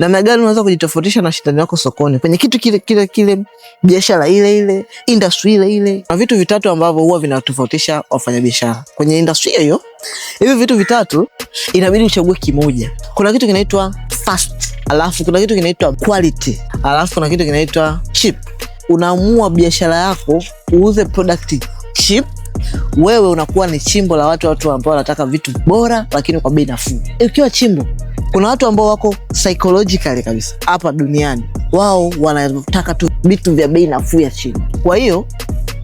Namna gani unaweza kujitofautisha na shindani wako sokoni kwenye kitu kile kile kile, biashara ile ile, industry ile ile? Na vitu vitatu ambavyo huwa vinatofautisha wafanyabiashara kwenye industry hiyo, hivi vitu vitatu inabidi uchague kimoja. Kuna kitu kinaitwa fast, alafu kuna kitu kinaitwa quality, alafu kuna kitu kinaitwa cheap. Unaamua biashara yako uuze product cheap wewe unakuwa ni chimbo la watu, watu ambao wanataka vitu bora lakini kwa bei nafuu. Ukiwa chimbo kuna watu ambao wako psychologically kabisa hapa duniani, wao wanataka tu vitu vya bei nafuu ya chini. Kwa hiyo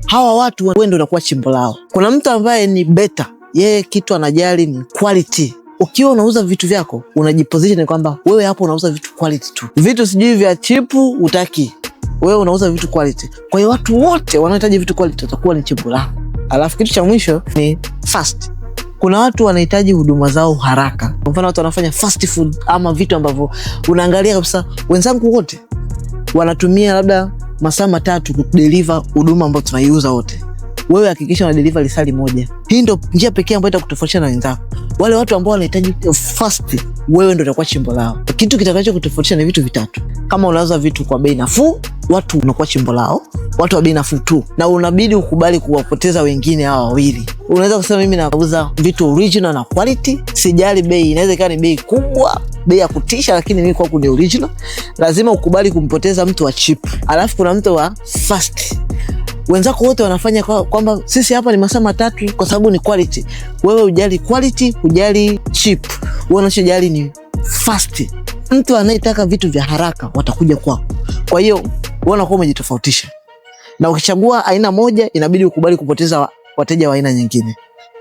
hawa watu wewe ndio unakuwa chimbo lao. Kuna mtu ambaye ni beta, yeye kitu anajali ni quality ukiwa unauza vitu vyako unajiposition kwamba wewe hapo unauza vitu quality tu, vitu sijui vya chipu utaki, wewe unauza vitu quality. Kwa hiyo watu wote wanaohitaji vitu quality watakuwa ni chimbo lako. Alafu kitu cha mwisho ni fast kuna watu wanahitaji huduma zao haraka. Kwa mfano watu wanafanya fast food ama vitu ambavyo unaangalia kabisa, wenzangu wote wanatumia labda masaa matatu kudeliva huduma ambayo tunaiuza wote. Wewe hakikisha deliva lisali moja. Hii ndo njia pekee ambayo itakutofautisha na wenzako. Wale watu ambao wanahitaji fast, wewe ndo utakuwa chimbo lao. Kitu kitakacho kutofautisha ni vitu vitatu: kama unauza vitu kwa bei nafuu watu unakuwa chimbo lao, watu wa bei nafuu tu, na unabidi ukubali kuwapoteza wengine hawa wawili. Unaweza kusema mimi nauza vitu original na quality, sijali bei. Inaweza ikawa ni bei kubwa, bei ya kutisha, lakini mimi kwangu ni original. Lazima ukubali kumpoteza mtu wa cheap, alafu kuna mtu wa fast wenzako wote wanafanya kwamba kwa sisi hapa ni masaa matatu kwa sababu ni quality. Wewe hujali quality, hujali cheap, unachojali ni fast. Mtu anayetaka vitu vya haraka watakuja kwako. Kwa hiyo wewe unakuwa umejitofautisha, na ukichagua aina moja inabidi ukubali kupoteza wateja wa aina nyingine.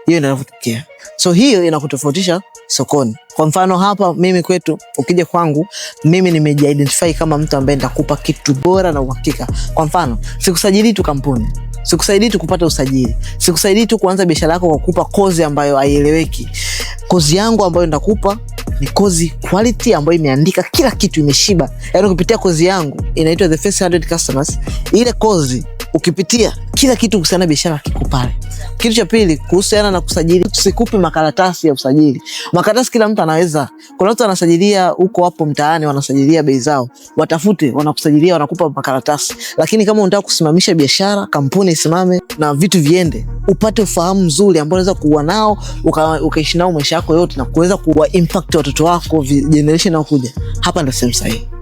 Hiyo ndio inavyotokea, so hiyo inakutofautisha sokoni. Kwa mfano hapa mimi kwetu, ukija kwangu mimi nimejidentify kama mtu ambaye nitakupa kitu bora na uhakika. Kwa mfano sikusajili tu kampuni, sikusaidii tu kupata usajili, sikusaidii tu kuanza biashara yako kwa kukupa kozi ambayo haieleweki. Kozi yangu ambayo nitakupa ni kozi quality ambayo imeandika kila kitu, imeshiba. yani kupitia kozi yangu inaitwa The First 100 Customers, ile kozi ukipitia kila kitu kuhusiana na biashara kiko pale. Kitu cha pili kuhusiana na kusajili, usikupe makaratasi ya usajili. Makaratasi kila mtu anaweza. Kuna watu wanasajilia huko hapo mtaani, wanasajilia bei zao, watafute, wanakusajilia, wanakupa makaratasi. Lakini kama unataka kusimamisha biashara, kampuni isimame na vitu viende, upate ufahamu mzuri ambao unaweza kuwa nao ukaishi nao maisha yako yote na kuweza kuwa impact watoto wako generation inayokuja. Hapa ndio sehemu sahihi.